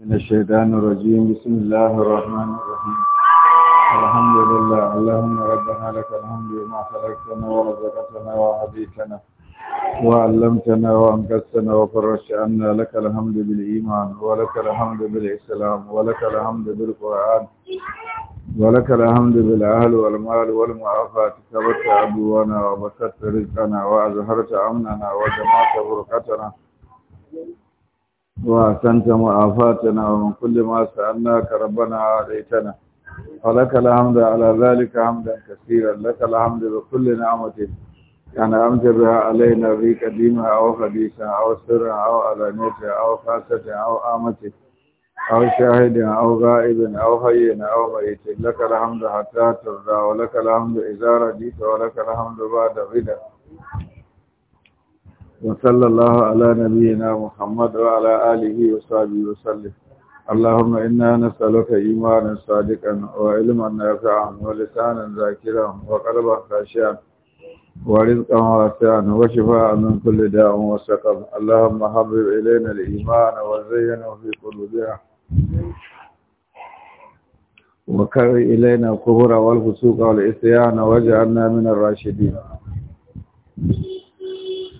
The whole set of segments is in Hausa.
من الشيطان الرجيم بسم الله الرحمن الرحيم الحمد لله اللهم ربنا لك الحمد وما خلقتنا ورزقتنا وهديتنا وعلمتنا وأنقذتنا وفرشت عنا لك الحمد بالإيمان ولك الحمد بالإسلام ولك الحمد بالقرآن ولك الحمد بالأهل والمال والمعافاه كبرت عدونا وبسطت رزقنا وأزهرت أمننا وجمعت بركتنا وأحسنت معافاتنا ومن كل ما سألناك ربنا عليتنا ولك الحمد على ذلك حمدا كثيرا لك الحمد بكل نعمة أنعمت بها علينا في قديمة أو حديثة أو سر أو علانية أو خاصة أو آمة أو شاهد أو غائب أو حي أو ميت لك الحمد حتى ترضى ولك الحمد إذا رضيت ولك الحمد بعد غدا وصلى الله على نبينا محمد وعلى آله وصحبه وسلم اللهم إنا نسألك إيمانا صادقا وعلما نافعا ولسانا ذاكرا وقلبا خاشعا ورزقا واسعا وشفاء من كل داء وسقم اللهم حبب إلينا الإيمان وزينه في قلوبنا وكر إلينا الكفر والفسوق والإسيان واجعلنا من الراشدين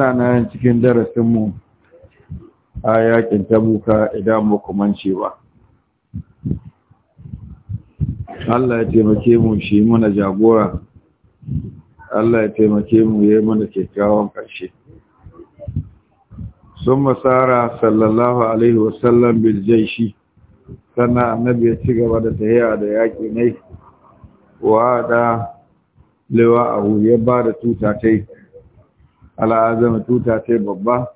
muna nan cikin darasin mu a yakin tabuka idan muku mance ba Allah ya taimake mu shi muna jagora Allah ya taimake mu ya yi mana kyakkyawan ƙarshe sun masara sallallahu alaihi wasallam bil jaishi sannan annabi ya ci gaba da tahiya da yaƙi ne wa da lewa abu ya ba da tuta tai al'azama tuta ta babba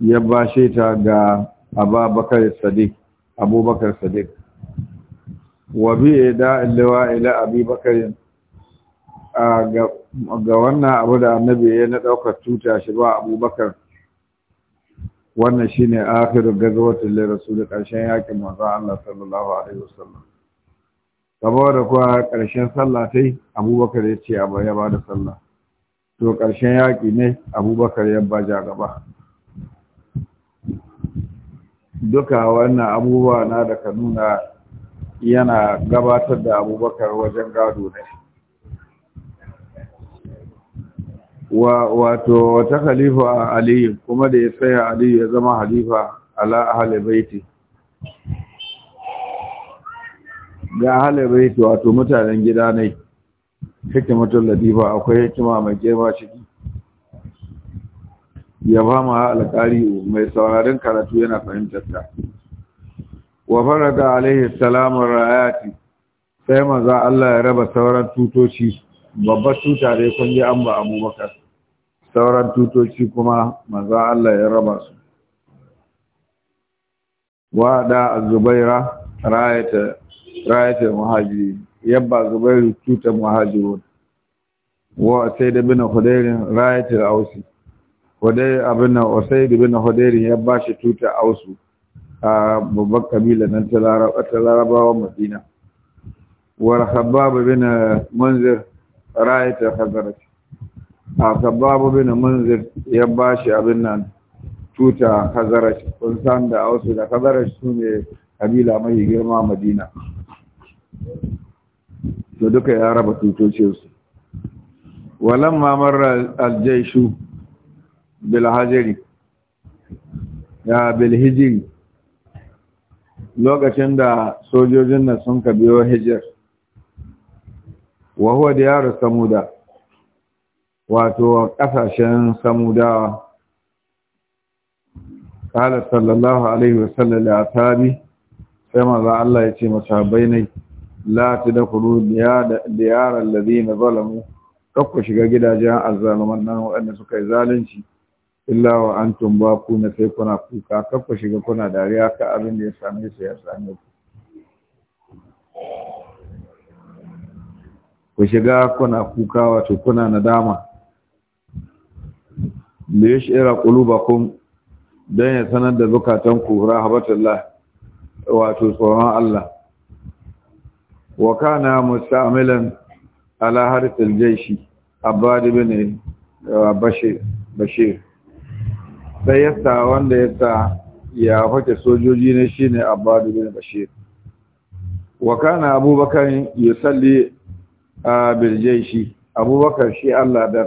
ya bashe ta ga ababakar sadiq abubakar sadiq wa bi da allawa ila abubakar ga wannan abu da annabi ya na daukar tuta shi ba abubakar wannan shi shine akhiru lirasu, da karshen yakin manzo Allah sallallahu alaihi wasallam saboda kuwa ƙarshen sallah yi, abubakar ya ce abu ya da sallah to ƙarshen yaƙi ne abubakar ya ja gaba duka wannan abubuwa na da ka nuna yana gabatar da abubakar wajen gado ne wato wata a aliyu kuma da ya tsaya aliyu ya zama halifa ala ahli baiti ga ahli baiti wato mutanen gida ne hikimatul ladiba akwai hikima mai girma ciki ya ba ma alƙari mai sauraron karatu yana fahimtar ta wa farada alaihi salamun rayati sai maza Allah ya raba sauran tutoci babbar tuta dai kun yi an ba abubakar sauran tutoci kuma maza Allah ya raba su wa da zubaira rayata rayata muhajiri yabba zubairu tuta muhajirun wa ibn bin ra'at al ausi hudai abin wa sayyid ibn ya yabba shi tuta ausu a babban kabila nan ta wa madina wa khabbab ibn munzir al khazraj a khabbab ibn munzir ya shi abin nan tuta khazraj kun san da ausu da khazraj sune kabila mai girma madina to duka ya raba tutocinsu walan mamar aljaishu bilhajiri ya bilhijiri lokacin da sojojin na sun ka biyo hijir wa huwa diyaru samuda wato kasashen samudawa قال sallallahu alaihi عليه وسلم tabi sai maza Allah ya ce masu masahabai nai. la tadkhulu diyara alladhina zalamu kakku shiga gidajen azzaluman nan waɗanda suka yi zalunci illa wa an tumba ku na sai kuna kuka kakku shiga kuna dariya ka abin da ya same su ya same ku ku shiga kuna kuka wato kuna nadama da ya shi'ira kun? don ya sanar da ku, rahabatullah wato tsoron Allah wa na musta'milan ala harfil jaishi abad ibn bashir bashir sai yasa wanda yasa ya fake sojoji ne shine abad ibn bashir wa kana abubakar yusalli bil jaishi abubakar shi Allah da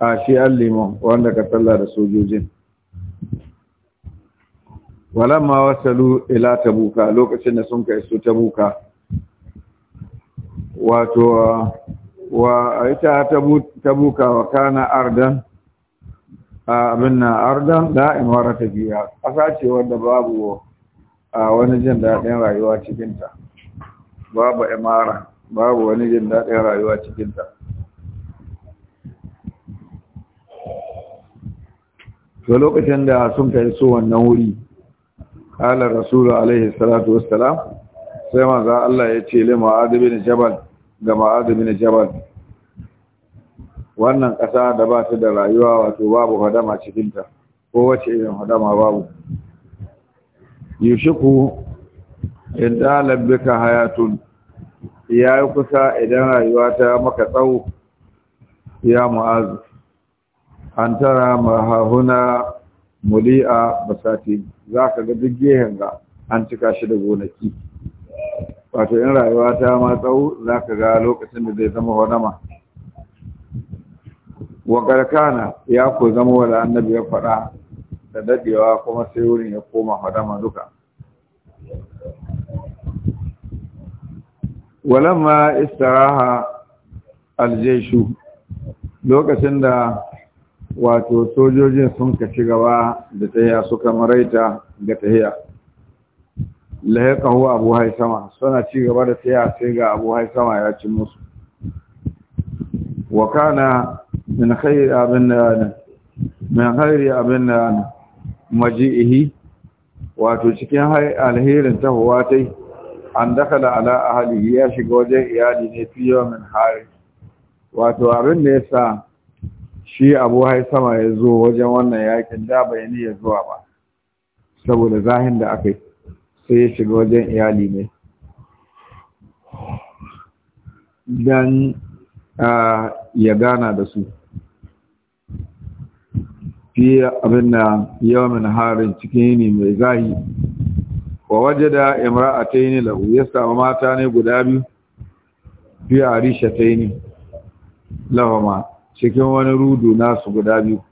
a shi allimu wanda ka sallah da sojojin walamma wasalu ila tabuka lokacin da sun kai ta tabuka wato wa ita tabuka wa kana ardan abin na ardan da wara ta biya ƙasa ce wadda babu wani jin daɗin rayuwa cikinta babu imara babu wani jin daɗin rayuwa cikinta to lokacin da sun kai so wannan wuri ƙalar rasulu alaihi salatu wassalam sai manzo Allah ya ce li ma'ad bin jabal ga ma'ad bin jabal wannan ƙasa da ba ta da rayuwa wato babu hadama cikinta ko wace irin hadama babu yushiku idan labbika hayatun ya yi kusa idan rayuwa ta maka tsawo ya mu'azu an tara mahahuna muli'a basati za ka ga duk gehen ga an cika shi da gonaki wato in rayuwa ta ma tsawo za ka ga lokacin da zai zama wadama wa ya ku zama wa annabi ya faɗa da daɗewa kuma sai wurin ya koma hadama duka walamma istaraha aljeshu lokacin da wato sojojin sun ka ci gaba da tahiya suka maraita ga tahiya lahiqahu abu haisama suna ci gaba da tsaya sai ga abu haisama ya ci musu wa kana min khairi abin nan min khairi abin nan maji'ihi wato cikin alherin ta ta yi an da ala ahlihi ya shiga wajen iyali ne fi min hari wato abin da sa shi abu haisama ya zo wajen wannan yakin da bayani ya zuwa ba saboda zahin da aka yi sai ya shiga wajen iyali ne don ya gana da su fi abin na yawon harin cikin yini mai zahi wa waje da imra a ta yi ne ya samu mata ne guda biyu fi a risha ta yi ne lahama cikin wani rudu nasu guda biyu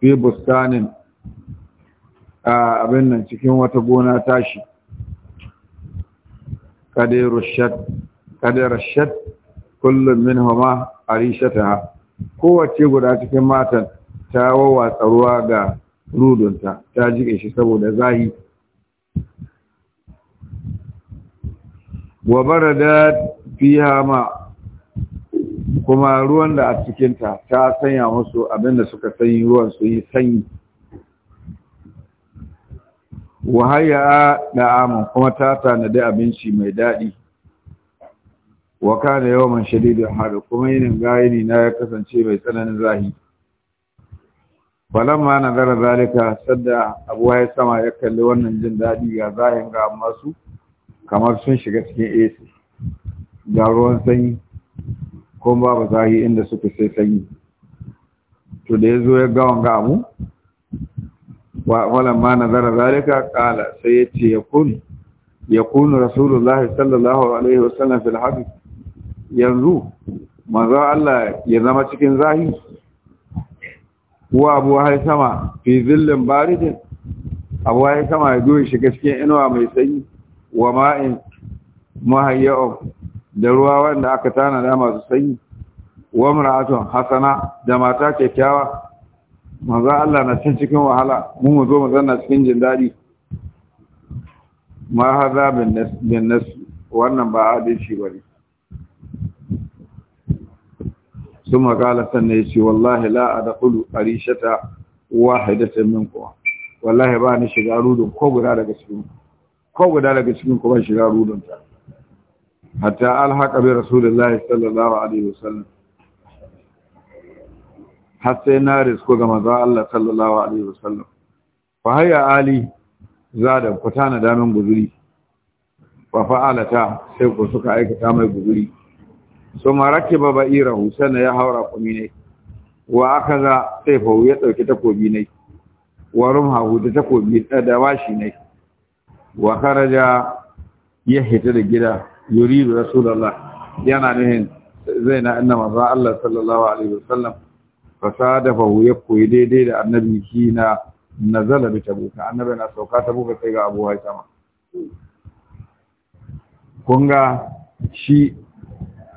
fi bustanin abin nan cikin wata gona tashi kadai Rashad, kullum min homa a rishataha kowace guda cikin matan ta wawatsa ruwa ga rudunta ta jike shi saboda zahi wa da biya ma kuma ruwan da a cikinta ta sanya musu abinda suka sanyi ruwan su yi sanyi wa hayya da'amun kuma ta tanadi abinci mai daɗi wa kana yawan shadidin hadu kuma yinin gayini na ya kasance mai tsananin zahi falamma nazara zalika sadda abu ya sama ya kalli wannan jin daɗi ga zahin ga kamar sun shiga cikin AC ga ruwan sanyi kuma babu zahi inda suka sai sanyi to da ya zo ya ga mu. abu wa walamma nazara zalika qala sai yace yakun yakun rasulullah sallallahu alaihi wasallam fil haqq yanzu maza Allah ya zama cikin zahi wa abu sama fi zillin baridin abu sama ya goyi shi cikin inuwa mai sanyi wa ma'in mahayya'u da ruwa wanda aka tanada masu sanyi wa mar'atun hasana da mata kyakkyawa manzo Allah na can cikin wahala mu mu zo mu zanna cikin jin daɗi ma hada bin nas wannan ba adalci bane ثم قال سنيسي والله لا أدخل wallahi ba ni shiga rudun ko guda daga cikin guda daga cikin shiga rudun ta hatta alhaqa bi rasulillahi sallallahu alaihi wasallam har sai na risko ga mazan Allah sallallahu alaihi wasallam fa haya ali zada ku tana da damin guzuri ba fa'alata sai ku suka aikata mai guzuri so marakiba ba'irahu sana ya haura kumi ne wa aka za sai fa ya ɗauki takobi ne wa rumhahu da takobi da washi ne wa karaja ya hita da gida da Rasulallah yana nuhin zai na anna mazan Allah sallallahu alaihi wasallam fasadafahu ya koyi daidai da annabi kina nazala bi tabuka annabi na sauka tabuka sai ga Abu Haitama kun ga shi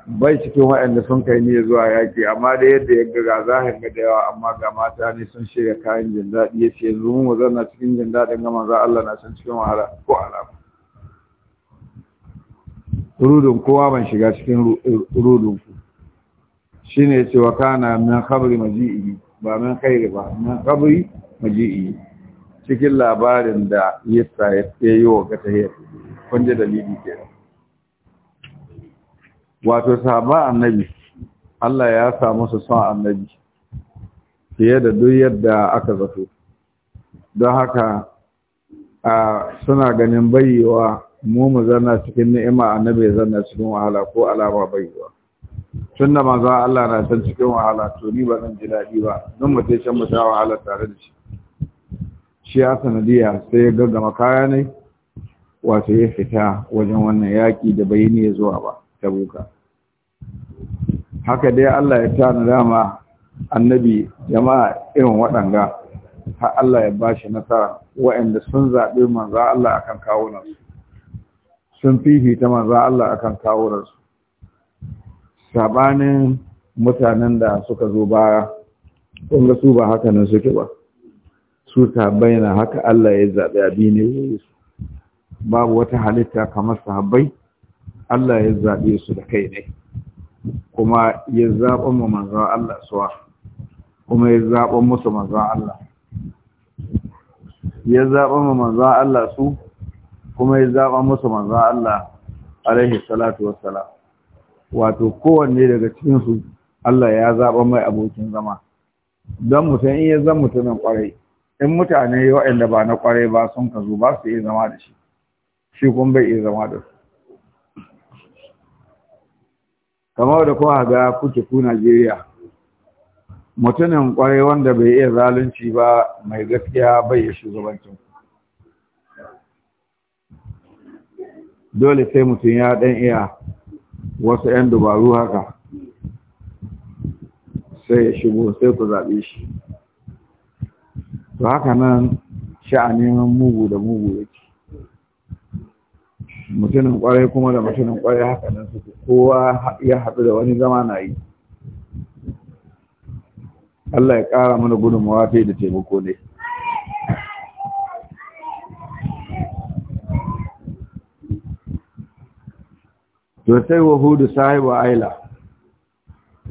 bai cikin waɗanda sun kai ne zuwa yaƙi amma da yadda ya ga zahin ga da yawa amma ga mata ne sun shirya kayan jin daɗi ya ce yanzu mu zanna cikin jin daɗin ga manzo Allah na san cikin wahala ko alama rudun kowa ban shiga cikin rudun ku ne ce wa kana min kabri maji'i ba min khairi ba min kabri maji'i cikin labarin da yasa ya yi wa gata ya kunje dalili ke wato sahaba annabi Allah ya sa musu son annabi fiye da duk yadda aka zato don haka a suna ganin bayyewa mu mu zanna cikin ni'ima annabi ya zanna cikin wahala ko alama bayyewa tun da manzo Allah na san cikin wahala to ni ba zan ji daɗi ba don mu tace mu ta wahala tare da shi shi ya sanadiya sai ya gaggama kaya ne wato ya fita wajen wannan yaƙi da bai ne zuwa ba ta buka haka dai Allah ya tana dama annabi jama'a irin waɗanga har Allah ya bashi nasara wa'anda sun zaɓi manzo Allah akan kawunansu sun fifita manzo Allah akan kawunansu sabanin mutanen da suka zo baya kun ga su ba haka nan suke ba su sahabbai na haka Allah ya zaɓi abi ne babu wata halitta kamar sahabbai Allah ya zaɓe su da kai ne kuma ya zaɓa mu manzo Allah suwa kuma ya zaɓa musu manzo Allah ya zaɓa mu manzo Allah su kuma ya zaɓa musu manzo Allah alaihi salatu wassalam wato kowanne daga cikinsu Allah ya zaɓa mai abokin zama don mutum in ya zan mutumin ƙwarai in mutane waɗanda ba na ƙwarai ba sun ka zo ba su iya zama da shi shi kuma bai iya zama da su kamar da kuma ga kuke ku Najeriya mutumin ƙwarai wanda bai iya zalunci ba mai gaskiya bai ya shugabancin dole sai mutum ya ɗan iya wasu 'yan dubaru haka sai ya shigo sai ku zaɓe shi to haka nan sha'anin mugu da mugu yake mutumin kwarai kuma da mutumin kwarai haka nan suke kowa ya haɗu da wani zama na yi Allah ya ƙara mana gudunmawa ta da taimako ne. to sai wahudu sahibu aila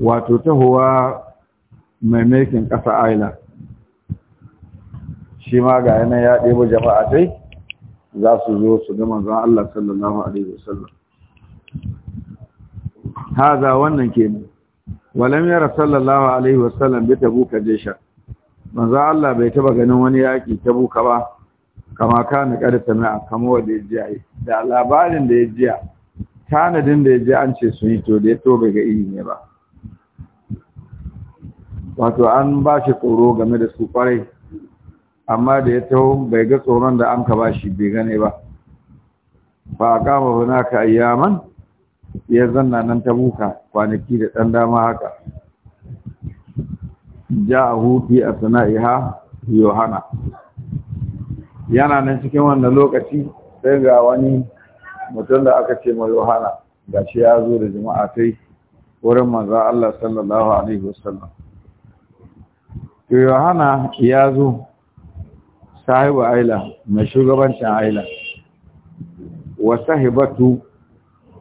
wato tahowa mai mekin ƙasa aila shi ma ga yanayi ya ɗebo jama'a dai za su zo su ga manzon Allah sallallahu alaihi wasallam haza wannan ke ne walam yara sallallahu alaihi wasallam bi ka jesha manzon Allah bai taba ganin wani yaki ka ba kama kana kada sami'a kama wanda ya ji da labarin da ya jiya. tanadin da ya je an ce su yi to da ya to ga iri ne ba wato an ba shi tsoro game da su kwarai amma da ya taho bai ga tsoron da an ka ba shi bai gane ba ba a kama ka ayyaman ya zanna nan ta buka kwanaki da ɗan dama haka ja a hufi a sana'iha yohana yana nan cikin wannan lokaci sai ga wani mutum da aka ce mai wahala shi ya zo da jama'a ta yi wurin manzan Allah sallallahu Alaihi wasallam. Yohana ya zo sahibu aila mai shugabancin aila wa sahibatu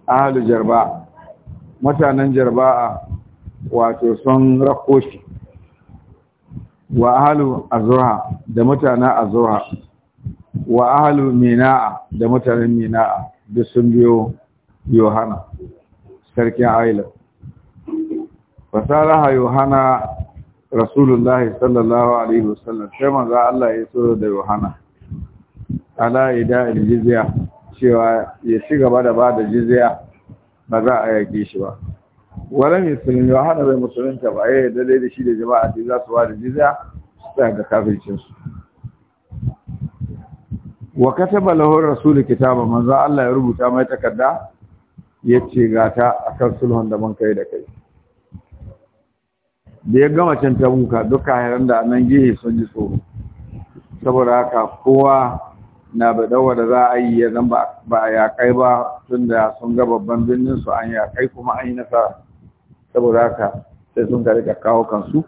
ahalu jarba mutanen jarba'a wato sun rakoshi wa ahalu azura da mutanen azura wa ahalu mina'a da mutanen mina'a duk sun biyo yohana sarkin aila fasaraha yohana rasulullah sallallahu alaihi wasallam sai manzo Allah ya tsoro da yohana ala ida aljizya cewa ya ci gaba da bada jizya ba za a yake shi ba wala musulmi yohana bai musulunta ba ya da dalilin shi da jama'a da za su bada jizya su tsaya ga kafircinsu wa kataba lahu rasul kitaba manzo Allah ya rubuta mai takarda yace ga ta akan sulhun da mun kai da kai da ya gama can ta muka duka yaran da nan gihe sun ji tsoro saboda haka kowa na badawa da za a yi ya zan ba a kai ba tun da sun ga babban birnin su an kai kuma an yi nasara saboda haka sai sun ka rika kawo kansu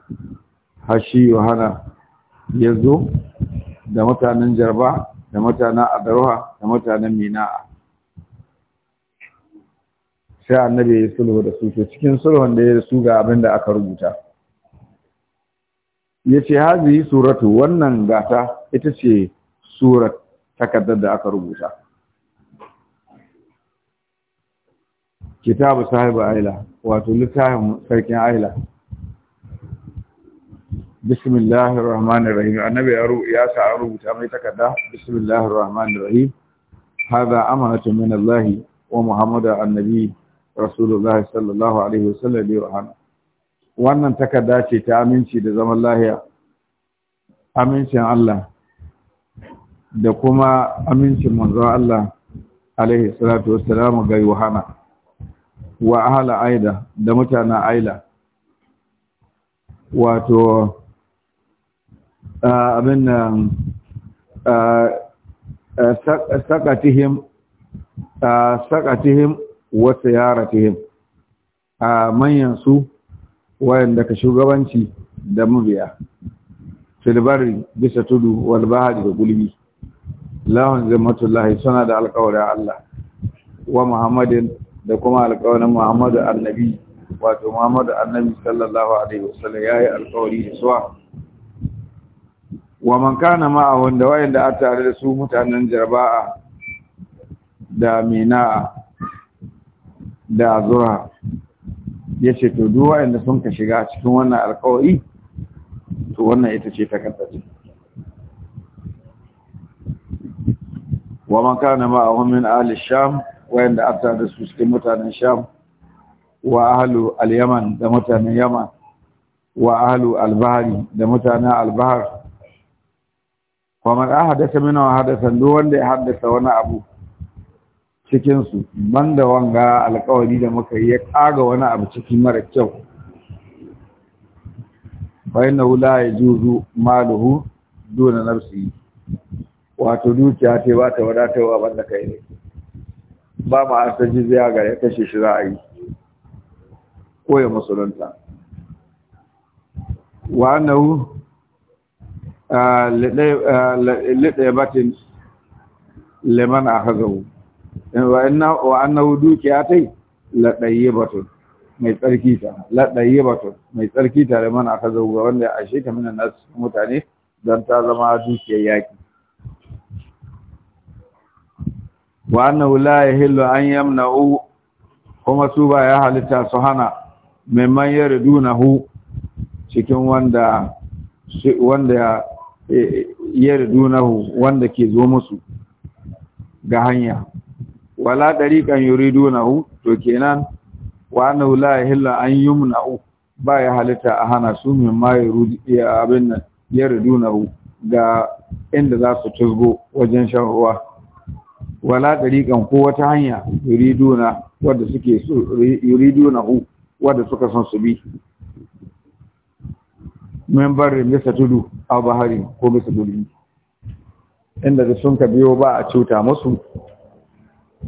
har shi yohana ya da mutanen jarba da mutanen adarwa da mutanen mina'a sai annabi ya yi sulhu da su to cikin sulhun da ya su ga abin da aka rubuta ya ce hazi suratu wannan gata ita ce surat takardar da aka rubuta kitabu sahibu aila wato littafin sarkin aila bismillahir rahmanir rahim annabi ya ya sa rubuta mai takarda bismillahir rahmanir rahim hadha amanatu min Allah wa Muhammadu annabi rasulullahi sallallahu alaihi wasallam wa wannan takarda ce ta aminci da zaman lahiya amincin Allah da kuma amincin manzon Allah alaihi salatu wassalamu ga Yohana wa ahla aida da mutanen aila wato abin nan sakatihim sakatihim wa a manyan su wayanda ka shugabanci da mabiya filbari bisa tudu wal bahari da gulbi lahun zimmatullahi suna da alƙawarin Allah wa Muhammadin da kuma alƙawarin Muhammadu annabi wato Muhammadu annabi sallallahu alaihi wasallam yi alƙawari da suwa wa man kana ma'a wanda wayanda a tare da su mutanen jarba'a da mina da zura ya ce to duk wayanda sun ka shiga cikin wannan alƙawari, to wannan ita ce ta kaddace wa man kana ma'a min ahli sham wayanda a tare da su cikin mutanen sham wa ahlu al-yaman da mutanen yaman wa ahlu al-bahri da mutanen al bahri wa man ahdatha minhu hadathan duk wanda ya haddasa wani abu Cikinsu, su banda wanga alƙawari da muka yi ya kaga wani abu ciki mara kyau fa innahu la yajuzu maluhu duna nafsi. wato dukiya ce ba ta wadatarwa banda kai ne ba ma an zai ga ya kashe shi za a yi. ko ya musulunta wa annahu liɗaya batin liman a hazawu wa annahu dukiya ta yi batun mai tsarki ta laɗaye batun mai tsarki ta liman a hazawu ga wanda a shi ta mina nasu mutane don ta zama dukiyar yaƙi wa annahu la yahillu an yamna'u kuma su ba ya halitta su hana mimman yaridunahu cikin wanda wanda dunahu wanda ke zo musu ga hanya wala dariqan yuridunahu to kenan wa annahu la yahilla an yumna'u ba ya halitta a hana su min ma ya abin nan dunahu ga inda za su tuzgo wajen shan ruwa wala dariqan ko wata hanya yuriduna wanda suke yuridunahu wanda suka san su bi membar barri tudu a bahari ko bisa duli inda da sun ka biyo ba a cuta masu,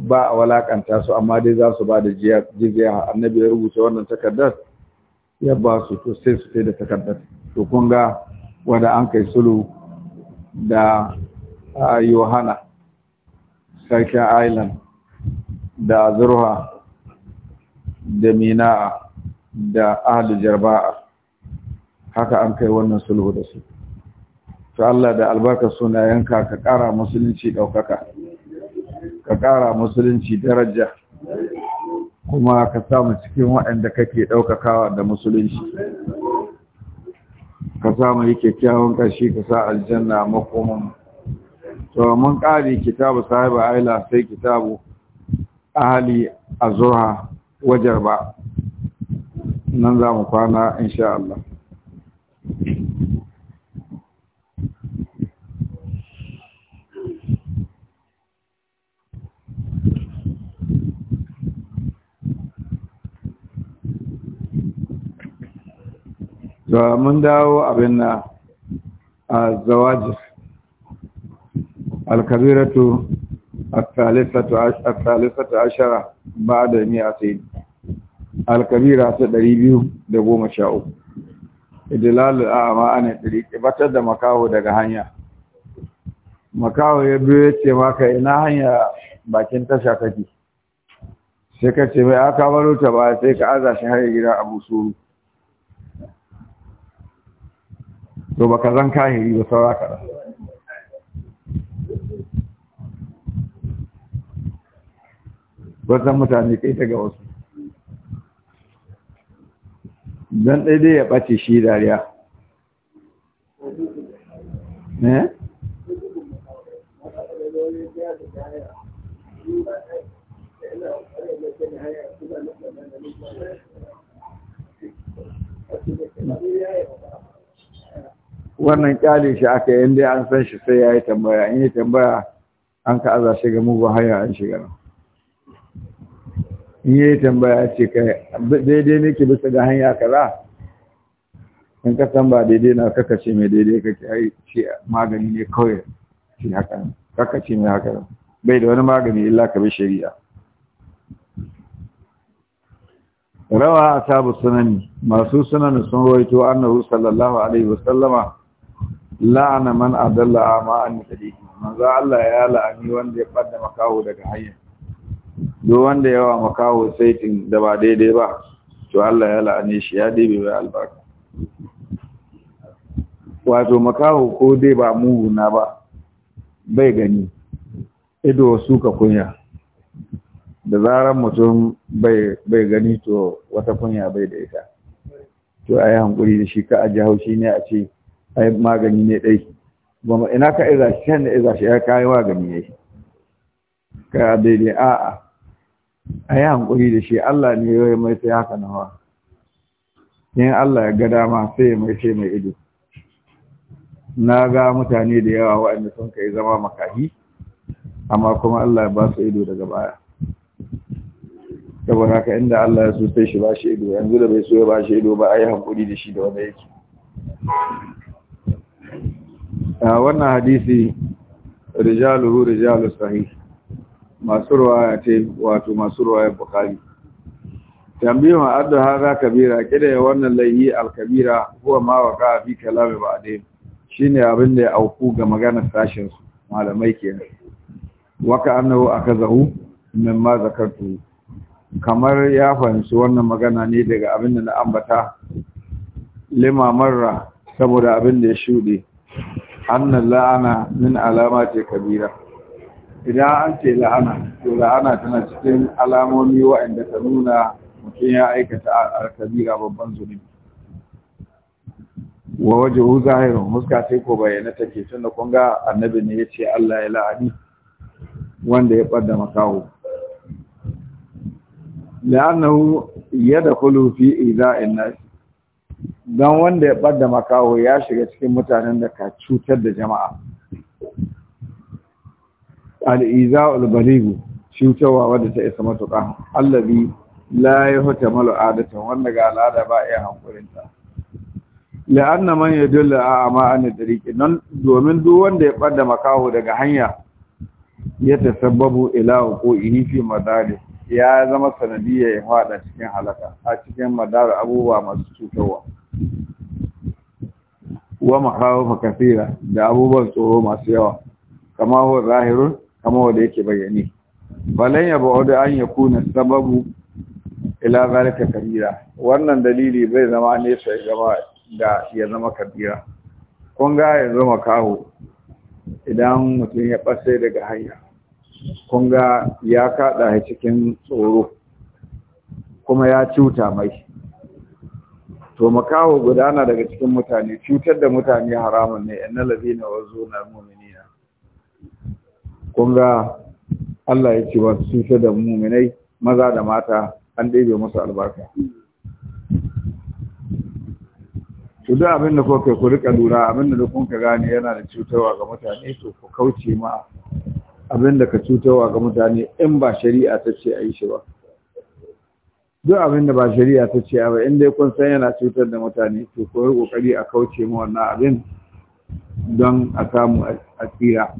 ba a walakanta su amma dai za su ba da jizya annabi ya rubuta wannan takardar ya ba su to sai su sai da takardar to kun ga wanda an kai sulu da yohana sarkin island da zurha da mina da ahalin jarba'a haka an kai wannan sulhu da su to Allah da albarka yanka ka kara musulunci ɗaukaka ka ƙara musulunci daraja kuma ka samu cikin waɗanda kake ɗaukakawa da musulunci ka samu yi kyakkyawan ƙarshe ka sa aljanna makomin to mun ƙari kitabu sahiba aila sai kitabu ahali azura wajar ba nan za mu kwana insha Allah mun dawo abin na a zawajis, alkabiratu al-thalithatu ashara ba da mi'atin alkabira ta 213 idilalul a'ma an tariqi batar da makaho daga hanya makaho ya biyo ce maka ina hanya bakin tasha kake sai ka ce mai aka baro ta ba sai ka aza shi har gida abu suru to baka zan kahiri ba saura ka mutane kai ta wasu don daidai ya ɓace shi dariya eh wannan kyale shi aka yi inda an san shi sai yayi yi tambaya in yi tambaya an ka aza shiga mugun hanya an shiga nan in yi tambaya ce ka daidai ne ke bisa ga hanya kaza in ka san ba daidai na kaka ce mai daidai ce. ai ce magani ne kawai ce haka kaka ce mai haka bai da wani magani illa ka bi shari'a rawa a sabu sunani masu sunani sun rawaito annahu sallallahu alaihi wasallama la'ana man adalla ama an tadi manzo Allah ya la'ani wanda ya fadda makaho daga hanyar. duk wanda yawa makawo saitin da ba daidai ba to Allah ya la'ane shi ya dibe bai albarka wato makaho ko dai ba muguna ba bai gani ido suka kunya da zarar mutum bai gani to wata kunya bai da ita to ayi hankuri da shi ka a haushi ne a ce a magani ne ɗai ina ka iza shi Kan iza shi ya wa gani ne ka daidai a'a a yi hankuri da shi Allah ne ya mai sai haka nawa in Allah ya ga dama sai ya mai sai mai ido na ga mutane da yawa waɗanda sun kai zama makahi amma kuma Allah ya ba su ido daga baya saboda haka inda Allah ya so sai shi ba shi ido yanzu da bai so ya ba shi ido ba a yi hankuri da shi da wanda yake wannan hadisi rijaluhu rijalu sahih masu ruwaya ce wato masu ruwaya bukari tambiyon adda haza kabira kida wannan layi alkabira huwa ma waqa fi kalami dai shine abin da ya auku ga maganar sashin su malamai kenan waka annahu akazahu ma zakartu kamar ya fahimci wannan magana ne daga abin da na ambata lima marra saboda abin da ya shuɗe. anna la'ana min alamati kabira idan an ce la'ana to la'ana tana cikin alamomi waɗanda ta nuna mutum ya aikata kabila babban zunubi wa waje hu zahirin muska sai ko bayyana take tunda kun ga annabi ne ya ce Allah ya la'ani wanda ya ɓadda makaho la'annahu kulu fi ida'in nas Don wanda ya ɓadda makaho ya shiga cikin mutanen da ka cutar da jama'a al'iza'ul baligu cutarwa wadda ta isa matuƙa allabi la ya malu adatan wanda ga al'ada ba iya hankulinta la'anna na ya dole a amma an dariki nan domin duk wanda ya ɓadda makaho daga hanya ya ta sababu ila ko inifi madari ya zama sanadiyya ya fada cikin halaka a cikin madari abubuwa masu cutarwa wa makawo kasira da abubuwan tsoro masu yawa kama hu zahirun kamar wanda yake bayani balan ya ba'udu an ya kuna sababu ila zalika kabira wannan dalili bai zama ne sai gaba da ya zama kabira kun ga ya zama kawo idan mutum ya ɓace daga hanya kun ga ya shi cikin tsoro kuma ya cuta mai to makaho gudana daga cikin mutane cutar da mutane haramun ne annal ladina wazuna mu'min kun ga Allah ya ce ba su cuce da muminai maza da mata an ɗebe musu albarka to abin da kuka ku rika lura abin da kun ka gane yana da cutarwa ga mutane to ku kauce ma abin da ka cutarwa ga mutane in ba shari'a ta ce a yi shi ba duk abin da ba shari'a ta ce ba in dai kun san yana cutar da mutane to ku yi kokari a kauce ma wannan abin don a samu a tsira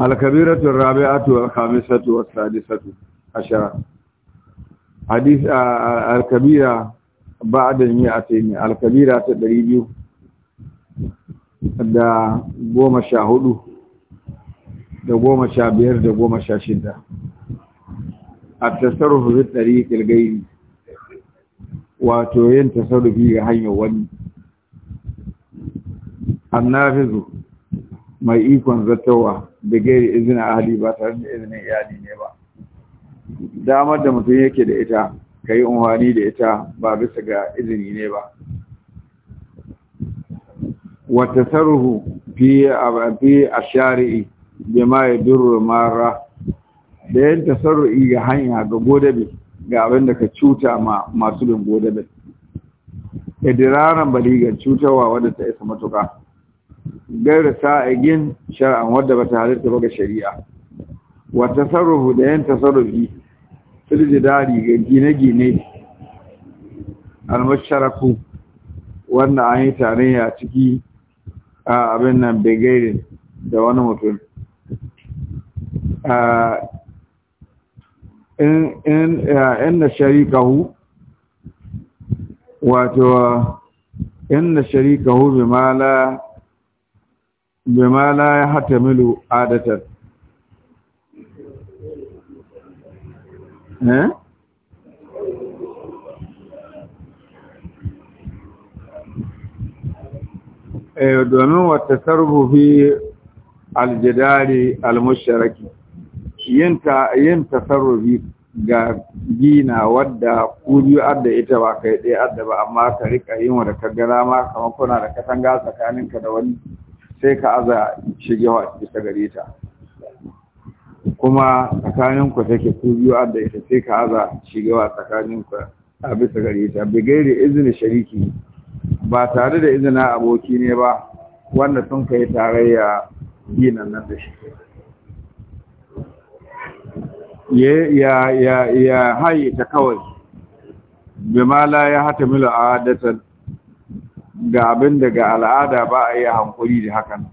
alkabiratun rabi'atu alkhamisatu wasadisatu ashara hadis alkabira ba'da mi'atayn alkabira ta 200 da goma sha hudu da goma sha biyar da goma sha shida a tasarrufu zai tsari kilgairi wato yin tasarrufi ga hanyar wani annafizu mai ikon zartawa da gairi izinin ahali ba tare da izinin iyali ne ba damar da mutum yake da ita ka yi unhani da ita ba bisa ga izini ne ba wata saruhu fiye a shari'i da ma ya duru mara da yin tasarru'i ga hanya ga godabe ga abin da ka cuta ma masu bin godabe idiraran baligar cutarwa wadda ta isa matuka gaira sa'igin shar'an wadda ba ta halitta ba ga shari'a wa tasarrufu da yan tasarrufi fil dari ga gine-gine almasharaku wanda an yi tarayya ciki a abin nan begairin da wani mutum inna sharikahu wato inna sharikahu bi mala bima la ya hatamilu eh domin wata sarrufi aljidari almusharaki yin ta yin tasarrufi ga gina wadda ku biyu adda ita ba kai ɗaya adda ba amma ka rika yin wa da ka gara ma kamar kuna da katanga tsakaninka da wani sai ka aza shige wa bisa gare ta kuma tsakaninku take ku biyu da ita sai ka aza shige wa tsakanin tsakaninku a bisa gare ta bigairi izini shariki ba tare da izina aboki ne ba wanda sun kai tarayya dinan nan da shi ya ya ya hayi ta kawai bima la ya hatamilu adatan ga abin da al'ada ba a yi hankuri da hakan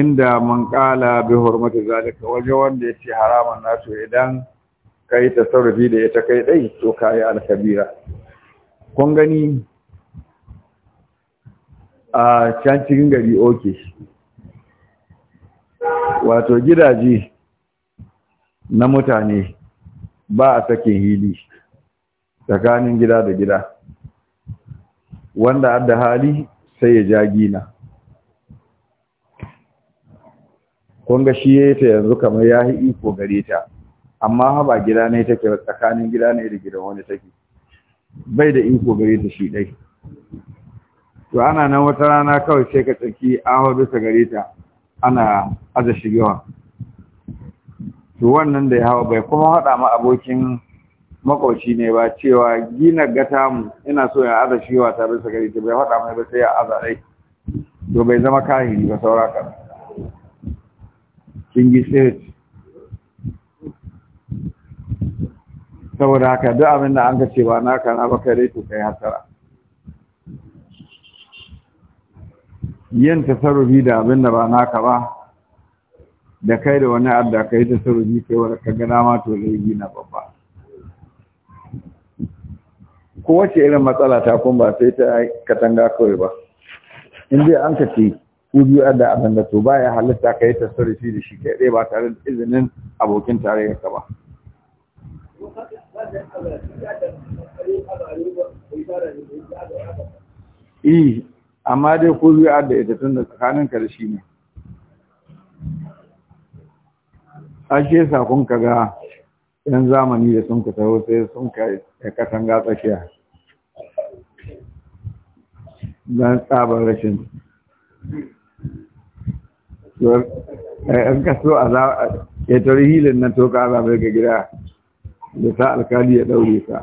inda man kala bi hurmata zalika waje wanda ya ce haraman nasu idan ka yi tasarrufi da ita kai dai to ka yi alkabira kun gani a can cikin gari oke wato gidaje na mutane ba a sakin hili tsakanin gida da gida wanda adda hali sai ya ja gina kunga shi ya ta yanzu kamar ya yi iko gare ta amma haba gida ne take tsakanin gida ne da gidan wani take bai da iko gare ta shi dai to ana nan wata rana kawai sai ka tsaki hau bisa gare ta ana aza shigewa to wannan da ya hau bai kuma haɗa ma abokin makwaci ne ba cewa gina gata mu ina so ya aza shi wata bisa gari ta bai faɗa mai ba sai ya aza rai to bai zama kahiri ba saura ka kin gi saboda haka duk abin da an ka ce ba naka na baka kai to kai hasara yin tasarrufi da abin da ba naka ba da kai da wani ka yi tasarrufi kai wani ka ga dama to zai gina ba Ko wace irin matsala ta kun ba sai ta katanga kawai ba in dai an ka ce ku biyu da abin da to ba ya halitta ka yi fi da shi ɗaya ba tare da izinin abokin tarayyar ka ba Iyi, eh, amma dai ku biyu da ita tun da tsakanin ka da shi ne. Ashe sakon ka ga yan zamani da sun ka sai sun ka katanga tsakiya don tsabar rashin eh, in ka so a ƙetare hilin na toka a zaɓar ga gida da ta alkali ya ɗaure ka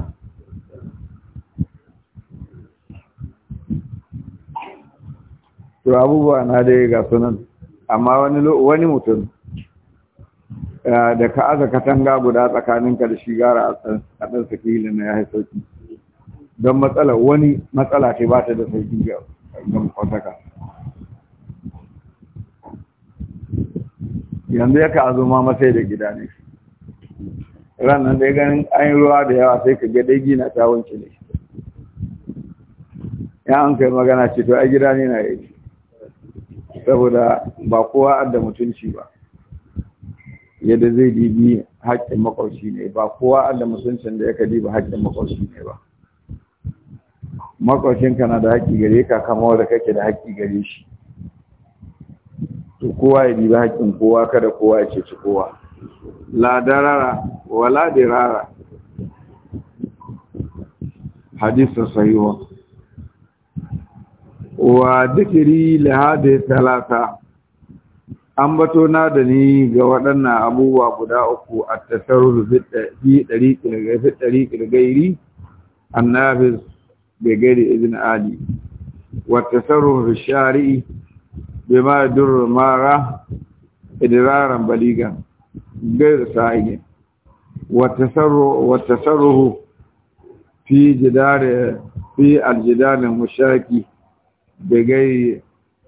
to abubuwa na dai ga sunan amma wani mutum Eh, da ka aza katanga guda tsakaninka da shi gara a ɗan sakilin na ya yi sauki don matsala wani matsala ce ba ta da sauki ga makwataka yanzu ya ka azo ma matsayi da gida ne ranar da ya ganin an ruwa da yawa sai ka ga gina ta wanke ne ya an kai magana ce to a gida ne na yi saboda ba kowa adda mutunci ba yadda zai dibi haƙƙin makwabci ne ba kowa Allah musuncin da yaka diba haƙƙin makwabci ne ba ka na da haƙƙi gare ka kama da kake da haƙƙi gare shi to kowa ya dibi haƙƙin kowa kada kowa ya ceci kowa la darara wala dirara hadisa sahiwa wa dhikri li hadhihi thalatha ambato na da ni ga waɗannan abubuwa guda uku a tasarrufu fi ɗari ƙirgairi annabis da gairi izin ali wa tasarrufu shari'i bai ma dur mara idiraran baligan gai da sa'i wa tasarrufu fi jidare fi mushaki da gairi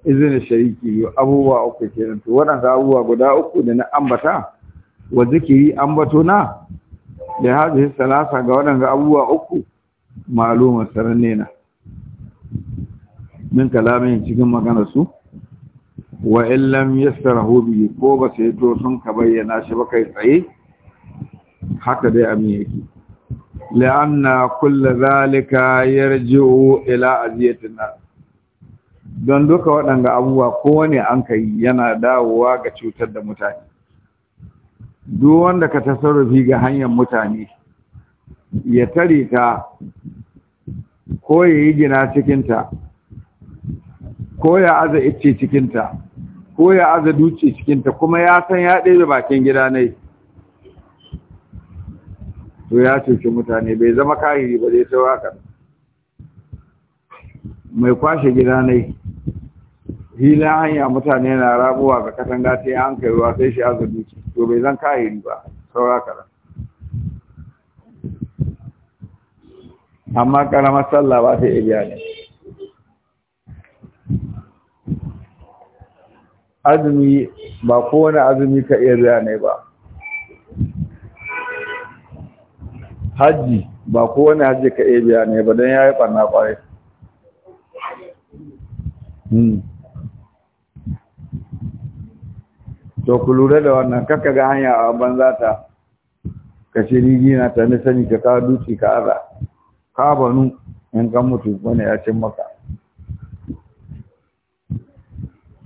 izini shariki abubuwa uku kenan to waɗanda abubuwa guda uku da na ambata wa zikiri ambato na da hadhihi salasa ga waɗanda abubuwa uku maluma sananne na min kalamin cikin magana su wa in lam yastarahu bi ko ba sai to sun ka bayyana shi ba kai tsaye haka dai ami yake la'anna kullu zalika yarji'u ila aziyatin nas don duka waɗanga abubuwa kowane an kai yana dawowa ga cutar da mutane duk wanda ka tasarrufi ga hanyar mutane ya tare ta ko ya yi gina cikinta ko ya aza ice cikinta ko ya aza duce cikinta kuma ya san ya ɗaya bakin gida ne to ya cuci mutane bai zama kayi ba zai sauraka mai kwashe gida ne hilin hanya mutane na rabuwa ga katanga ta yi an kai sai shi azu duki to bai zan kayi ba saura karan amma karamar sallah ba ta iya ne azumi ba kowane azumi ka iya riya ne ba hajji ba kowane hajji ka iya biya ne ba don ya yi ɓarna ƙwarai hmm. to ku lura da wannan kaka ga hanya a za ta ka ce rigi na ta na sani ka kawo duci ka aza ka banu in kan mutu wani ya cin maka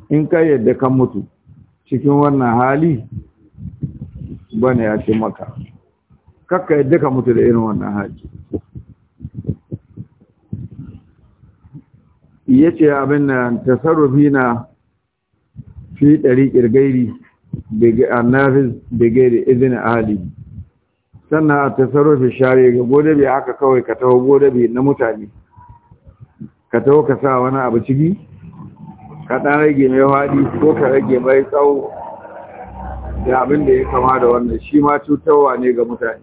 in ka yadda kan mutu cikin wannan hali bane ya cin maka kakka yadda ka mutu da irin wannan hali ce abin nan tasarrufi na fi ɗari ƙirgairi annafiz bigeri izin ahali sannan a tasarrufi share ga godabi haka kawai ka taho godabi na mutane ka taho ka sa wani abu ciki ka ɗan rage mai haɗi ko ka rage mai tsawo da abin da ya kama da wannan shi ma cutarwa ne ga mutane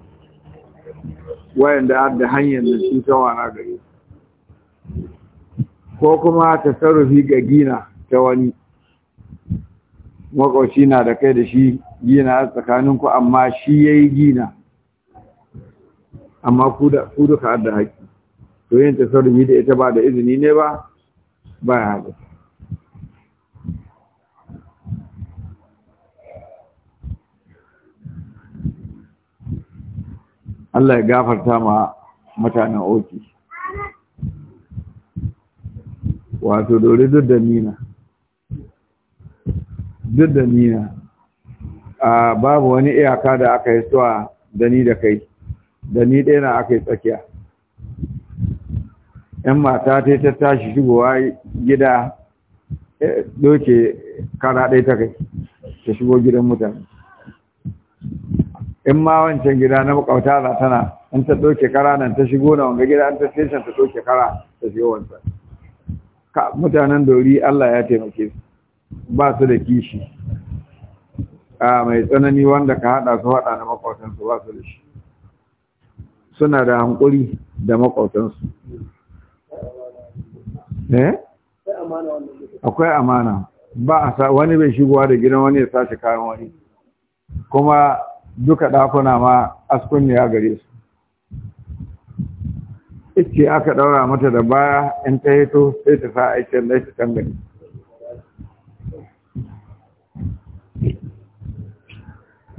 wayanda har da hanyar da cutarwa na gari. ko kuma tasarrufi ga gina ta wani makwauci na da kai da shi gina tsakaninku amma shi ya yi gina amma ku duka da haƙi to yin yi da ita ba da izini ne ba ba ya haɗu Allah ya gafarta ma mutanen oki wato dori duk da nina duk da ni na babu wani iyaka da aka yi suwa da ni da kai da ni ɗaya na aka yi tsakiya ‘yan mata ta ta tashi shigowa gida e, doke kara ɗaya ta kai ta shigo gidan mutane in ma wancan gida na makauta za tana in ta doke kara nan ta shigo na wanga gida an ta station ta doke kara ta shigo wancan mutanen dori Allah ya taimake su ba su da kishi a mai tsanani wanda ka hada su hada na makwatansu ba su da shi suna da hankuri da makwatansu eh akwai amana ba a sa wani bai shigowa da gidan wani ya sace kayan wani kuma duka ɗakuna ma askun ya gare su ice aka ɗaura mata da baya in ta hito sai ta sa aikin da ta kan gani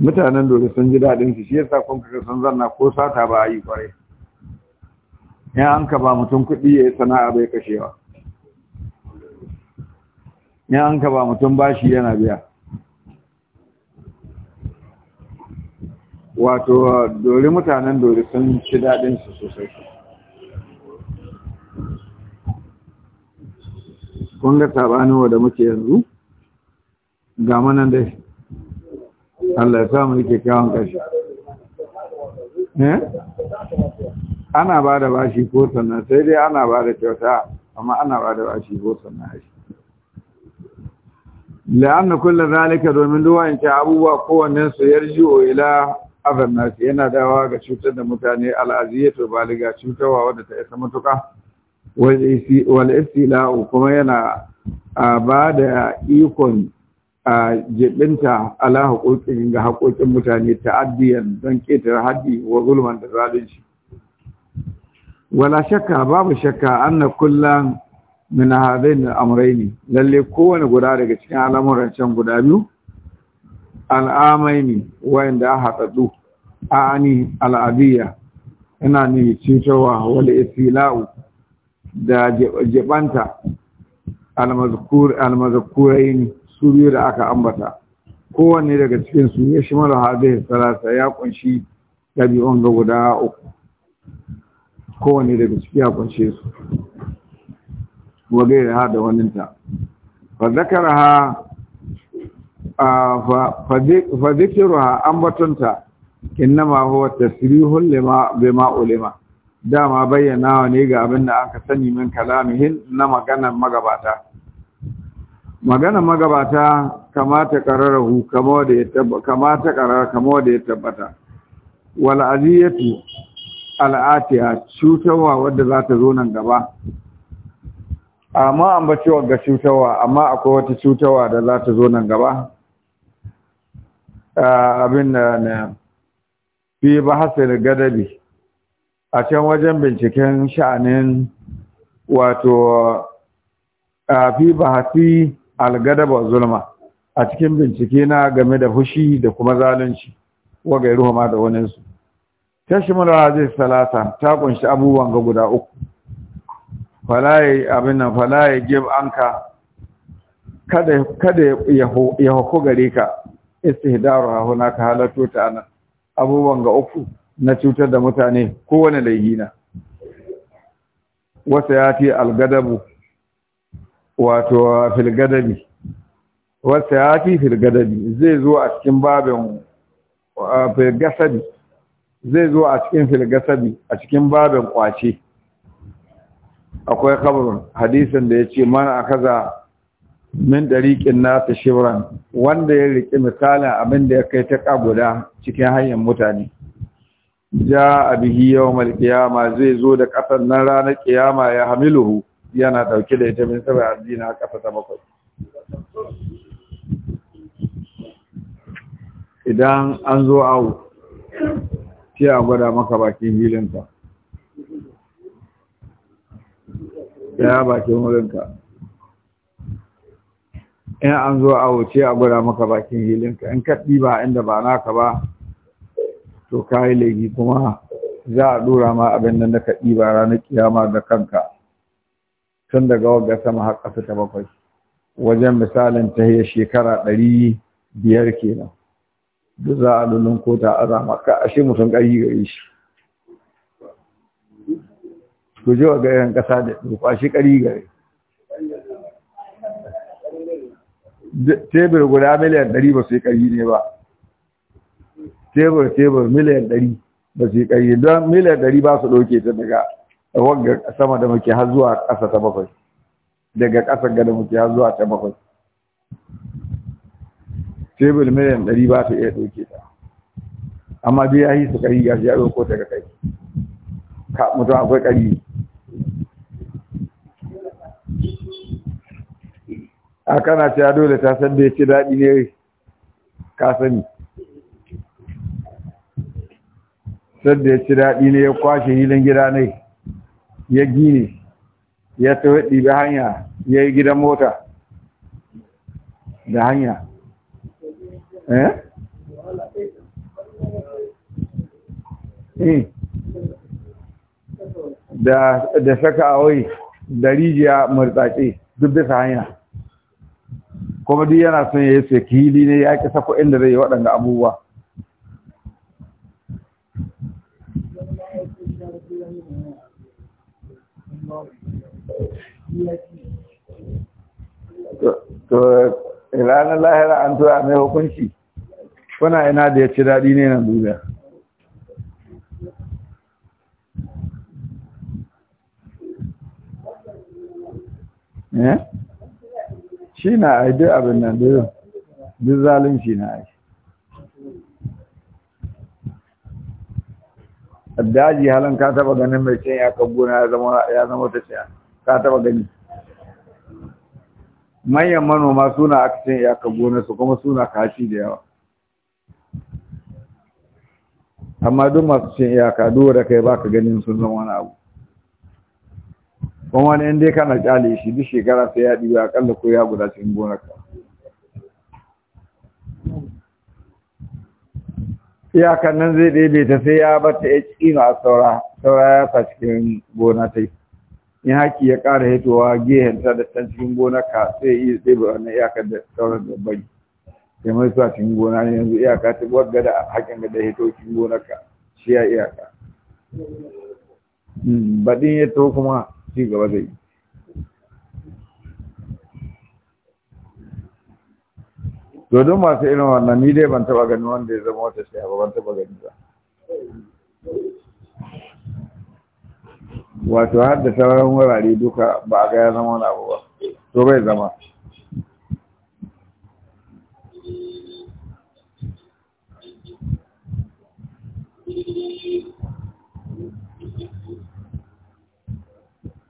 mutanen dole sun ji daɗin shi shi yasa kun kaga sun zanna ko sata ba a yi kwarai ya an ka ba mutum kuɗi ya yi sana'a bai kashewa ya an ka ba mutum bashi yana biya wato dole mutanen dole sun ci daɗin su sosai kun ga wa da muke yanzu ga manan dai Allah ya samu yake kyawun kashi eh? ana ba da bashi ko sannan sai dai ana ba da kyauta amma ana ba da bashi ko sannan shi na kullum zalika domin duwayen ta abubuwa kowannen su yar yarji'u ila azan nasi yana dawa ga cutar da mutane al'aziyatu baliga cutarwa wadda ta isa matuka wal istila'u kuma yana ba da ikon a jibinta ala haƙoƙin ga haƙoƙin mutane ta'addiyan don ƙetare haddi wa zulman da zalunci wala shakka babu shakka anna kullan min hadain ne, lalle kowane guda daga cikin al'amuran can guda biyu al'amaini wanda haɗaɗu ani al'abiyya ina ne cutarwa wal istila'u da jibanta al-mazkur al su biyu da aka ambata kowanne daga cikin su ya shi mara hadai salasa ya kunshi ɗabi'un ga guda uku kowanne daga ciki ya kunshe su wa da haɗa da ta fa zakara ha fa zikiru ha ambatonta innama huwa tasrihun lima bima ulima dama bayyana ne ga abin da aka sani min kalamihin na maganan magabata magana magabata kamata qararahu kama da ya tabbata kamata karara kama da ya tabbata wal aziyatu al atiya cutarwa wadda za ta zo nan gaba amma an ba ciwon ga cutarwa amma akwai wata cutarwa da za ta zo nan gaba ah, abin da na fi ba hasar gadabi a can wajen binciken sha'anin wato ah, fi ba algadaba zulma a cikin bincike na game da fushi da kuma zalunci wa gairu ma da wani su tashmul hadhihi salata ta kunshi abubuwan ga guda uku falaye abin nan falaye give anka kada kada ya hako gare ka istihdaru ka halatu ta anan abubuwan ga uku na cutar da mutane kowane laihina wasa yati algadabu wato filgadabi wasu ya fi filgadabi zai zo a cikin babin filgasabi zai zo a cikin filgasabi a cikin babin kwace akwai kabarin hadisin da ya ce mana a kaza min ɗariƙin nasa shibran wanda ya riƙi misalin abin da ya kai ta ƙaguda cikin hanyar mutane ja a bihi yau malƙiyama zai zo da ƙasar nan ranar ƙiyama ya hamiluhu yana ɗauke da ita min saboda addini na ƙasa ta bakwai idan an zo awu, sai a gwada maka bakin hilinka ya bakin ka. in an zo awu, sai a gwada maka bakin hilinka in ka ba inda ba naka ba to yi laifi kuma za a ɗora ma abin da ka ba ranar kiyama da kanka tun daga wadda sama har ƙasa ta bakwai wajen misalin ta yi shekara ɗari biyar kenan duk za a lullun ko ta a zama ka ashe mutum ƙari gare shi ku ji wa gayen ƙasa da duka ashe ƙari gare tebur guda miliyan ɗari ba su yi ƙari ne ba tebur tebur miliyan ɗari ba su yi ƙari don miliyan ɗari ba su ɗauke ta daga wagga sama da muke har zuwa ƙasa ta bakwai daga ƙasar da muke har zuwa ta bakwai tebul miliyan ɗari ba ta iya ɗauke ta amma dai ya yi su ƙari ya ya ɗauko daga kai ka mutum akwai ƙari a kana cewa dole ta san da ya ce daɗi ne ka sani sadda ya ci daɗi ne ya kwashe hilin gida ne ya gini ya da hanya ya yi gidan mota da hanya eh? eh. da da saka awai da rijiya murtsatse duk bisa hanya kuma duk yana son ya yi sekili ne ya ƙi sako inda zai yi waɗanda abubuwa to ranar lahira an tura mai hukunci kuna ina da ya ci daɗi ne na duniya eh? shi na aidi abin nan duk zalunci na aiki daji halin ka taba ganin mai cin ya kan gona ya zama ta ciyar ka taba gani manyan manoma suna aka cin gona gonarsu kuma suna kashi da yawa amma duk masu cin iyaka duk da kai baka ganin sun zama wani abu kuma wani inda kana kyale shi duk shekara sai ya ɗiba akalla ko ya guda cikin ka. iyakan nan zai ɗebe ta sai ya bata ya a saura saura ya sa cikin gona ta yi in haki ya ƙara hitowa gehenta da can cikin gonarka sai yi ba wannan iyaka da sauran dabbai sai mai sa cikin gona ne yanzu iyaka ta wadda da hakin da hito cikin gonarka shi ya iyaka hmm, baɗin ya to kuma ci gaba zai yi Dodon masu irin wannan ni dai ban taɓa ganin wanda ya zama wata shi ba ban taɓa gani ba wato har da sauran wurare duka ba a ga ya zama wani abu ba to bai zama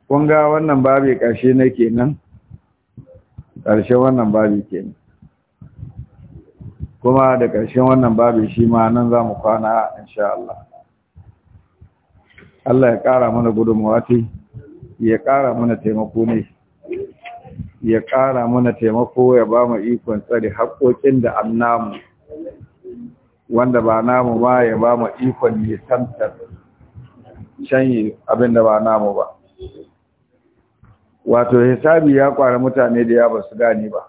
kun ga wannan babi ƙarshe na kenan ƙarshen wannan babi kenan kuma da ƙarshen wannan babi shi ma nan za mu kwana insha Allah Allah ya ƙara mana gudunmawa ta ya ƙara mana taimako ne ya ƙara mana taimako ya ba mu ikon tsare haƙoƙin da an namu wanda ba namu ba ya ba mu ikon nisantar canyi abin da ba namu ba wato hisabi ya ƙwari mutane da ya ba su gani ba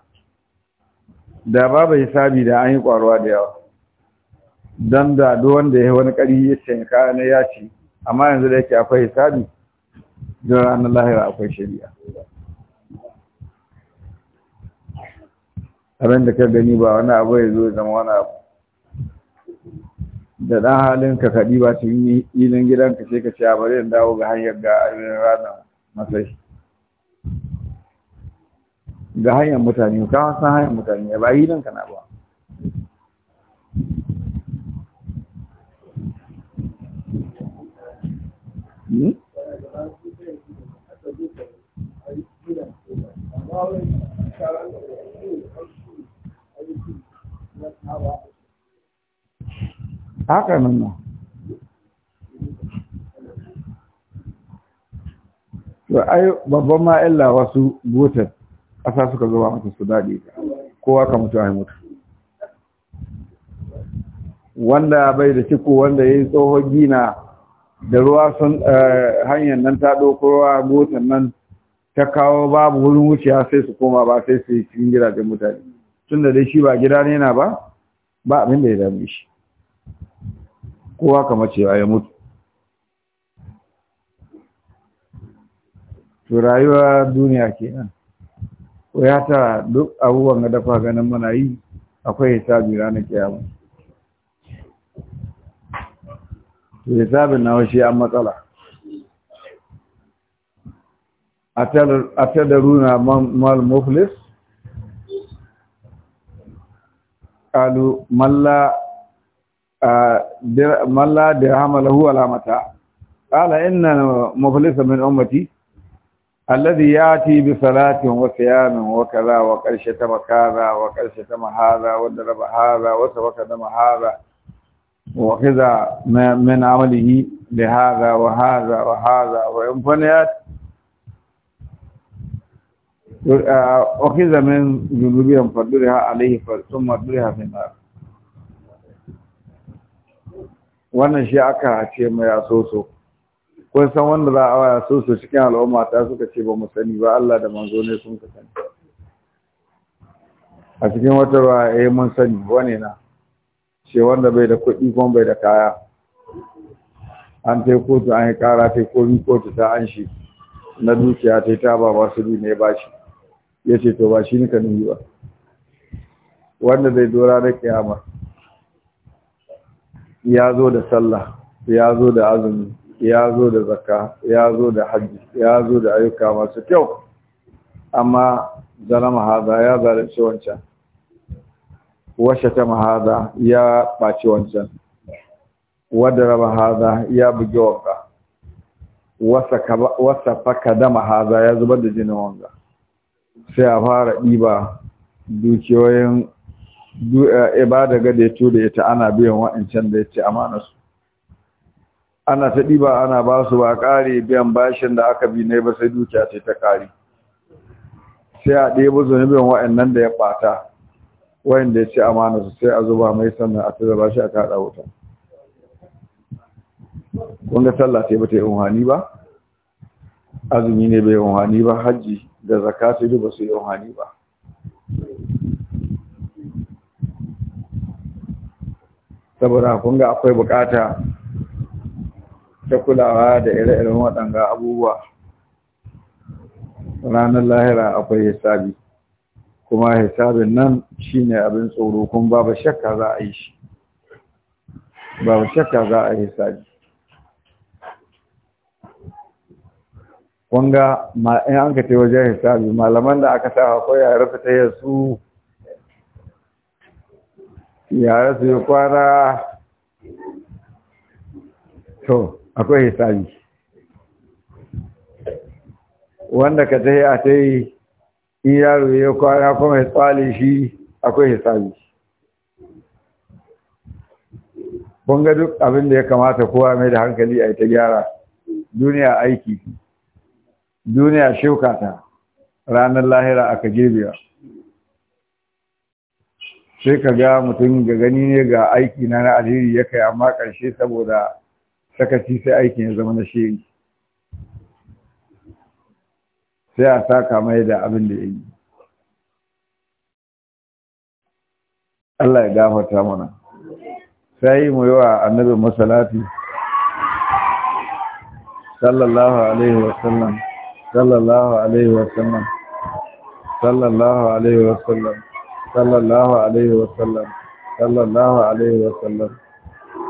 da babu hisabi da an yi ƙwaruwa da yawa don da duwanda wanda ya wani ƙari ya ce na ya ce amma yanzu da yake akwai hisabi don ranar lahira akwai shari'a abin da ka gani ba wani abu ya zo zama wani abu da ɗan halin ka kaɗi ba yi ilin gidanka sai ka ce a bari in dawo ga hanyar ga ainihin ranar matsayi ga hanyar mutane ka san hanyar mutane ba yi nan na ba Hmm? haka na to ai babban ma'illa wasu gotar ƙasa suka zama mutu su daɗi, kowa ka mutu a mutu wanda bai da ciko wanda ya yi tsohon gina da ruwa sun eh, hanyar nan ta ɗauko ruwa gotan nan ta kawo babu wurin wuciya sai su koma ba sai su yi cikin gidajen mutane tun da dai shi ba gida ne na ba ba abin da ya dame shi kowa kamar cewa ya mutu to rayuwa duniya kenan ko ya ta duk abubuwan da dafa ganin muna yi akwai hisabi ranar kiyama hisabin nawa shi an matsala a tadaruna mal muflis kalu malla malla dirhama lahu alamata qala inna muflis min ummati alladhi yati bi salatin wa siyamin wa kaza wa ta kaza wa qarshata hadha wa daraba hadha wa tawakkalama hadha وخذا من عمله لهذا وهذا وهذا وإن وخذا من جنوبهم فدرها عليه ثم درها في النار wannan shi aka ce mai asoso kun san wanda za a waya soso cikin al'umma ta suka ce ba mu sani ba Allah da manzo ne sun ka sani a cikin wata ruwa eh mun sani wane na ce wanda bai da kuɗi kuma bai da kaya an tai kotu an yi kara tai komi kotu ta an shi na dukiya tai ta ba masu bi ne ba shi ya ce to ba shi ka nuni ba wanda zai dora da kiyama ya zo da sallah ya zo da azumi ya zo da zakka ya zo da hajji ya zo da ayyuka masu kyau amma zalama haza ya zalunci wancan washe ta mahaza ya ɓaci wancan wadda raba haza ya bugi wanga wasa faka dama haza ya zubar da jinin wanga sai a fara ɗiba dukiyoyin eh, ibada ga da ya da ita ana biyan wa'ancan da ya ce amana su ana ta ɗiba ana ba su ba ƙari biyan bashin da aka bi na yi ba sai dukiya ce ta ƙari sai a ɗebo zunubin wa'annan da ya ɓata wayanda ya ce amana su sai a zuba mai sannan a zaba shi a kaɗa wuta kun sallah sai ta yi unhani ba azumi ne bai unhani ba hajji da zakatu duk ba su yi unhani ba saboda kun ga akwai bukata ta kulawa da ire-iren waɗanga abubuwa ranar lahira akwai hisabi kuma hisabin nan shine abin tsoro kuma babu shakka za a yi shi babu shakka za a yi hisabi kunga ma in an ka ce wajen hisabi malaman da aka sa akwai yare su taya su yare su yi kwana to akwai hisabi wanda ka taya a ta yi in yaro ya kwana kuma ya tsale shi akwai hisabi kun ga duk abin da ya kamata kowa mai da hankali a ta gyara duniya aiki duniya shuka ranar lahira aka girbewa sai ka ga mutum ga gani ne ga aiki na na alheri ya kai amma ƙarshe saboda sakaci sai aikin ya zama na shiri sai a saka mai da abin da ya yi Allah ya gafarta mana sai mu yi wa annabi masalati sallallahu alaihi wasallam sallallahu alaihi wasallam sallallahu alaihi wasallam sallallahu alaihi wasallam sallallahu alaihi wasallam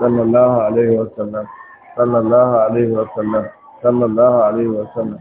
sallallahu alaihi wasallam sallallahu alaihi wasallam sallallahu alaihi wasallam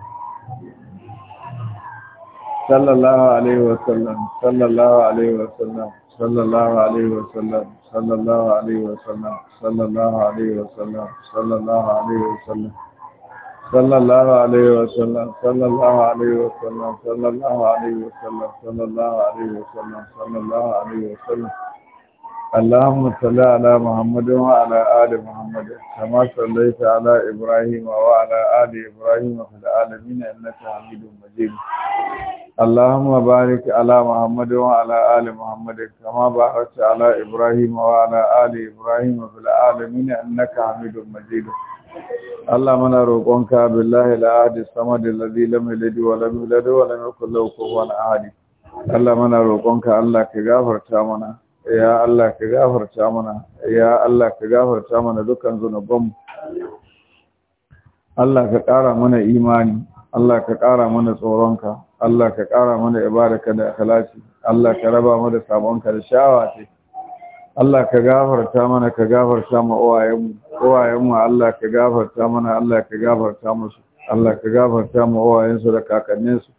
sallallahu alaihi wasallam sallallahu alaihi wasallam sallallahu alaihi wasallam sallallahu alaihi wasallam sallallahu alaihi wasallam sallallahu alaihi wasallam صلى الله عليه وسلم صلى الله عليه وسلم صلى الله عليه وسلم صلى الله عليه وسلم صلى الله اللهم صل على محمد وعلى آل محمد كما صليت على إبراهيم وعلى آل إبراهيم في العالمين إنك حميد مجيد اللهم بارك على محمد وعلى آل محمد كما باركت على إبراهيم وعلى آل إبراهيم في العالمين إنك حميد مجيد اللهم انا روقك بالله الأحد الصمد الذي لم يلد ولم يولد ولم يكن له كفوا أحد اللهم انا روقك الله كغفرت منا ya Allah ka gafarta mana ya Allah ka gafarta mana dukkan zunubanmu Allah ka ƙara mana imani Allah ka ƙara mana tsoronka Allah ka ƙara mana ibadarka da akhlasi Allah ka raba mana sabonka da sha'awa ce Allah ka gafarta mana ka gafarta mu uwayenmu uwayenmu Allah ka gafarta mana Allah ka gafarta musu Allah ka gafarta mu uwayensu da kakanninsu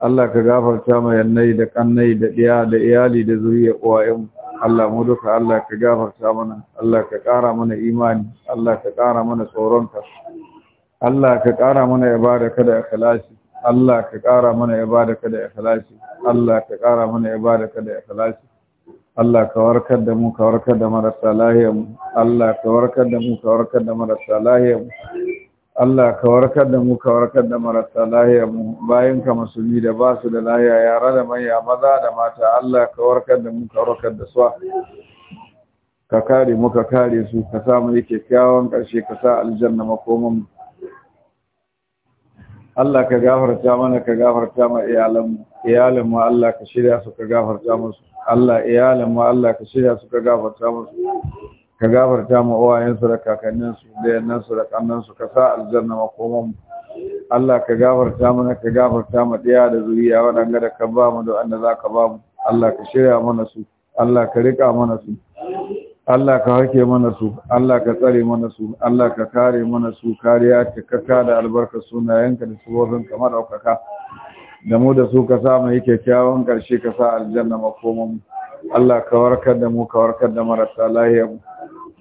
Allah ka gafarta ma yannai da kannai da ɗiya da iyali da zuriya uwayen Allah mu duka Allah ka gafarta mana Allah ka ƙara mana imani Allah ka ƙara mana tsoronka Allah ka ƙara mana ibada kada ikhlasi Allah ka ƙara mana ibada kada ikhlasi Allah ka ƙara mana ibada kada ikhlasi Allah ka warkar da mu ka warkar da marasa lahiyar mu Allah ka warkar da mu ka warkar da marasa lahiyar mu Allah ka warkar da mu ka warkar da marasa lahiya mu bayan ka musulmi da ba su da lahiya yara da manya maza da mata Allah ka warkar da mu ka warkar da su ka kare mu ka kare su ka sa mu yake kyawun karshe ka sa aljanna makoman mu Allah ka gafarta mana ka gafarta ma iyalan mu iyalan mu Allah ka shirya su ka gafarta musu Allah iyalan mu Allah ka shirya su ka gafarta musu ka gafarta ma uwayensu da kakanninsu da yannansu da kannansu ka sa aljanna makoman Allah ka gafarta mana ka gafarta ma ɗaya da zuriya waɗanda da ka ba mu da wanda za ka ba mu Allah ka shirya mana su Allah ka rika mana su Allah ka hake mana su Allah ka tsare mana su Allah ka kare mana su kariya ta kaka da albarka sunayenka da sabobin kamar ɗaukaka da mu da su ka sa mai yi kyakkyawan ƙarshe ka sa aljanna makomin Allah ka warkar da mu ka warkar da marasa lahiya mu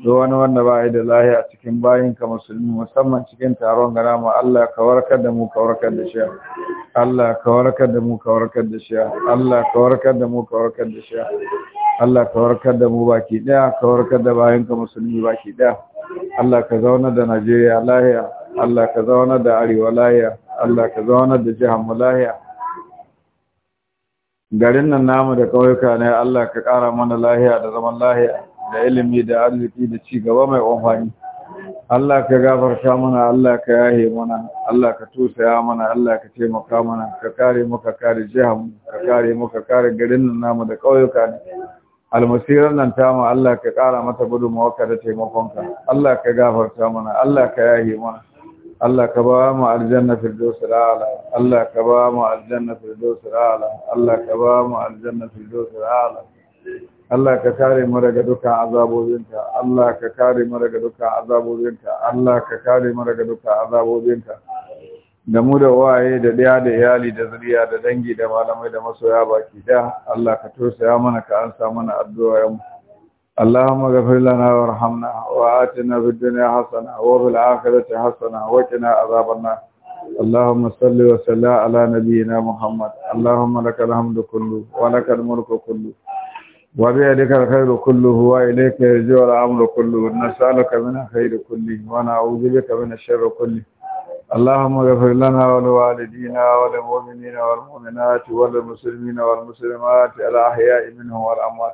duk wani wanda ba ya da lahiya cikin bayin ka musulmi musamman cikin taron gana mu Allah ka warkar da mu ka warkar da shi Allah ka warkar da mu ka warkar da shi Allah ka warkar da mu ka warkar da shi Allah ka warkar da mu baki daya ka warkar da bayin ka musulmi baki daya Allah ka zauna da Najeriya lahiya Allah ka zauna da Arewa lahiya Allah ka zauna da jihar mu lahiya garin nan namu da ƙauyuka ne Allah ka ƙara mana lahiya da zaman lahiya da ilimi da arziki da ci gaba mai amfani Allah ka gafarta mana Allah ka yahe mana Allah ka tusaya mana Allah ka taimaka mana ka kare mu ka kare jihar ka kare mu ka kare garin nan namu da ƙauyuka ne almasirar nan tamu Allah ka ƙara mata gudunmawa ka da taimakonka Allah ka gafarta mana Allah ka yahe mana Allah ka ba mu aljanna firdaus ala Allah ka ba mu aljanna firdaus ala Allah ka ba mu aljanna firdaus ala Allah ka kare mu daga dukkan azabobinka Allah ka kare mu daga dukkan azabobinka Allah ka kare mu daga dukkan azabobinka da mu da waye da daya da iyali da zuriya da dangi da malamai da masoya baki da Allah ka tausaya mana ka ansa mana addu'a ya mu اللهم اغفر لنا وارحمنا وآتنا في الدنيا حسنة وفي الآخرة حسنة وقنا عذاب النار اللهم صل وسلم على نبينا محمد اللهم لك الحمد كله ولك الملك كله وبيدك الخير كله وإليك يرجع الأمر كله نسألك من الخير كله ونعوذ بك من الشر كله اللهم اغفر لنا ولوالدينا وللمؤمنين والمؤمنات وللمسلمين والمسلمات الأحياء منهم والأموات